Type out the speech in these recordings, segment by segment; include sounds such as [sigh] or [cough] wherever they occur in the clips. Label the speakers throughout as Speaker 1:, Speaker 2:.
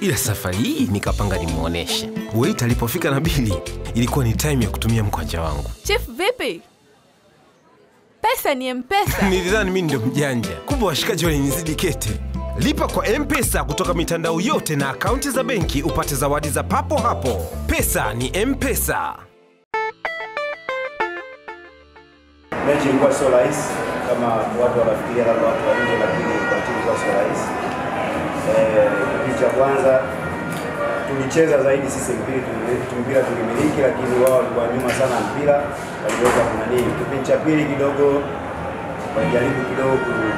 Speaker 1: ila safari hii nikapanga nimwoneshe. Wait alipofika na bili, ilikuwa ni time ya kutumia mkwanja wangu.
Speaker 2: Chief vipi? Pesa ni Mpesa.
Speaker 1: [laughs] Nilidhani mimi ndio mjanja, kumbe washikaji walinizidi kete. Lipa kwa Mpesa kutoka mitandao yote na akaunti za benki upate zawadi za papo hapo. Pesa ni Mpesa.
Speaker 3: Mechi ilikuwa sio rahisi kama watu wanafikiria, labda watu wa nje, lakini kwa timu sio rahisi. Eh, kipindi cha kwanza tulicheza zaidi sisi mpira mpira tulimiliki, lakini wao walikuwa nyuma sana mpira, waliweza kunani. Kipindi cha pili kidogo walijaribu kidogo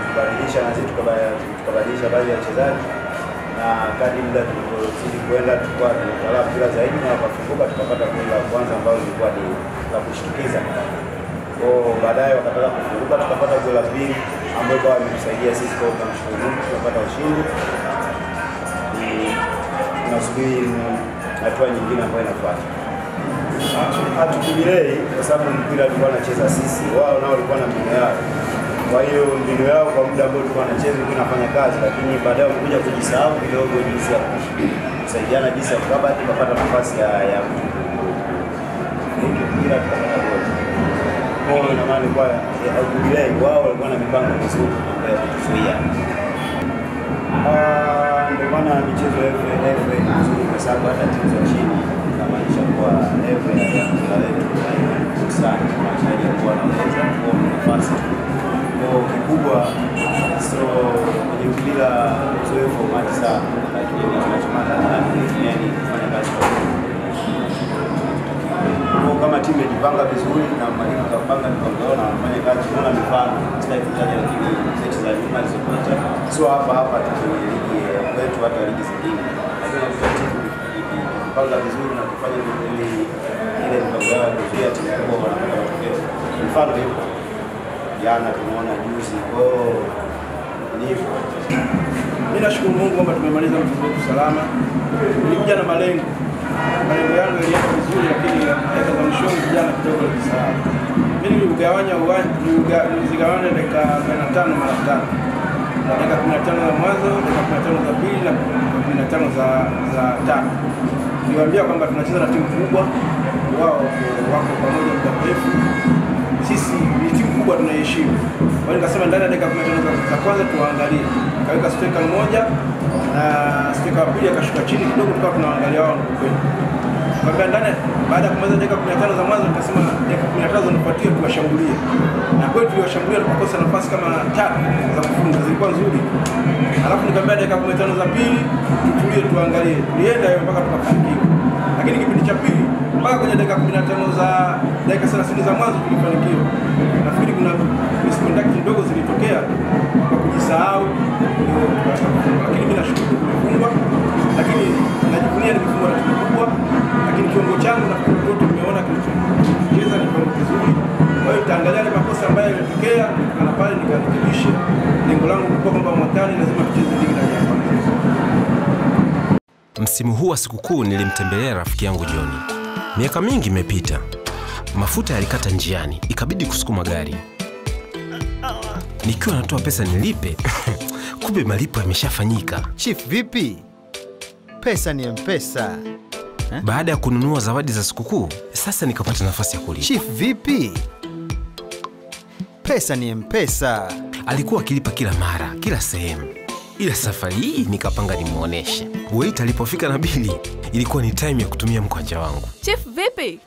Speaker 3: kubadilisha na sisi tukabadilisha baadhi ya wachezaji, na kadri muda tulivyozidi kwenda tulikuwa tunatawala mpira zaidi na wakafunguka, tukapata goli la kwanza ambalo lilikuwa ni la kushtukiza. Kwa baadaye wakataka kufunguka, tukapata goli la pili ambayo kwa imetusaidia sisi kwa tunamshukuru Mungu tunapata ushindi. Tunasubiri hatua nyingine ambayo inafuata. Hatukujirei kwa sababu mpira tulikuwa tunacheza sisi, wao nao walikuwa na mbinu yao. Kwa hiyo mbinu yao kwa muda ambao tulikuwa tunacheza inafanya kazi, lakini baadaye wamekuja kujisahau kidogo jinsi ya kusaidiana, jinsi ya kukabati, tukapata nafasi ya ya mpira tukapata kwao, ina maana ilikuwa haikujilai wao, walikuwa na mipango mizuri ya kuzuia ah, ndio maana michezo FA FA mzuri kwa sababu hata timu za chini inamaanisha kuwa FA ya mpira wetu sana, inamaanisha kuwa wanaweza kuwa na nafasi kwa kikubwa, so kwenye mpira uzoefu umati sana kujipanga vizuri na mwalimu kapanga mkongoona anafanya kazi kuna mifano katika kizazi, lakini mechi za nyuma zilizopita sio hapa hapa tu kwenye ligi kwetu, hata ligi zingine, lakini kujipanga vizuri na kufanya vizuri ile mpango yao kuzuia timu kubwa wanapata matokeo. Mfano ipo jana, tumeona juzi. Kwa oh, hiyo ni hivyo.
Speaker 4: Mimi nashukuru Mungu kwamba tumemaliza mchezo wetu salama. Nilikuja na malengo malengo yalienda vizuri, lakini dakika za vijana kidogo walijisahau. Mimi niligawanya uwanja, nilizigawanya dakika tano mara tano na tano za mwanzo, dakika tano za pili na tano za za tatu. Niliwaambia kwamba tunacheza na timu kubwa, wao wako pamoja muda mrefu heshimu. Kwa hiyo nikasema ndani ya dakika 15 za kwanza tuwaangalie, kaweka steka mmoja na steka wa pili akashuka chini kidogo, tukawa tunaangalia wao kweli kwamba ndani. Baada ya kumaliza dakika 15 za mwanzo, nikasema dakika 15 nipatie tuwashambulie, na kweli tuliwashambulia, tukakosa nafasi kama tatu za kufunga, zilikuwa nzuri. Alafu nikamwambia dakika 15 za pili tutulie, tuangalie, tulienda mpaka tukafanikiwa, lakini kipindi cha pili mpaka kwenye dakika 15 za dakika 30 za mwanzo tulifanikiwa na kiungo changu na mtoto tumeona kilichocheza ni kwa vizuri. Kwa hiyo nitaangalia ni makosa ambayo yametokea na pale nikarekebishe. Lengo langu kubwa kwamba mwakani lazima tucheze ligi na Yanga.
Speaker 1: Msimu huu wa sikukuu nilimtembelea rafiki yangu Joni. Miaka mingi imepita, mafuta yalikata njiani, ikabidi kusukuma gari. Nikiwa natoa pesa nilipe, [laughs] kumbe malipo yameshafanyika.
Speaker 5: Chief, vipi? Pesa ni mpesa?
Speaker 1: eh? baada ya kununua zawadi za sikukuu sasa nikapata nafasi ya kulipa.
Speaker 5: Chief vipi? Pesa ni mpesa.
Speaker 1: Alikuwa akilipa kila mara, kila sehemu, ila safari hii nikapanga nimwoneshe. Wait alipofika na bili, ilikuwa ni time ya kutumia mkwanja wangu.
Speaker 2: Chief vipi?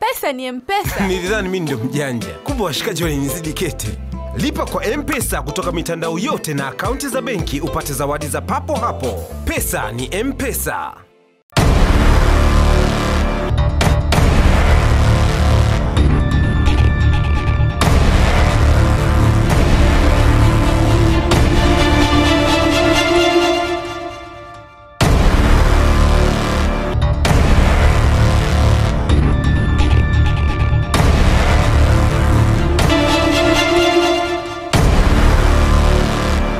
Speaker 2: Pesa ni mpesa.
Speaker 1: [laughs] Nilidhani mimi ndio mjanja, kumbe washikaji walinizidi kete. Lipa kwa mpesa kutoka mitandao yote na akaunti za benki upate zawadi za papo hapo. Pesa ni mpesa.